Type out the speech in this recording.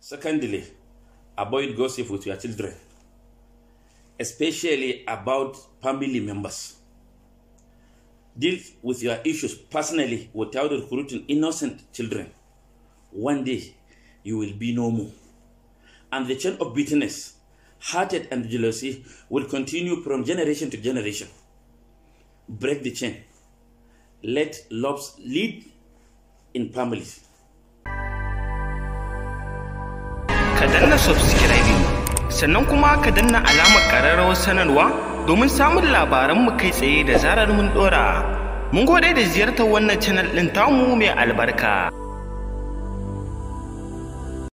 Secondly, avoid gossip with your children, especially about family members. Deal with your issues personally without recruiting innocent children. One day, you will be no more. And the chain of bitterness, hatred, and jealousy will continue from generation to generation. Break the chain. Let love lead in families ka danna subscribing sannan kuma ka danna alamar ƙararrawar sanarwa domin samun labaranmu kai tsaye da zarar mun ɗora. Mun gode da ziyartar wannan channel ɗin tamu mai albarka.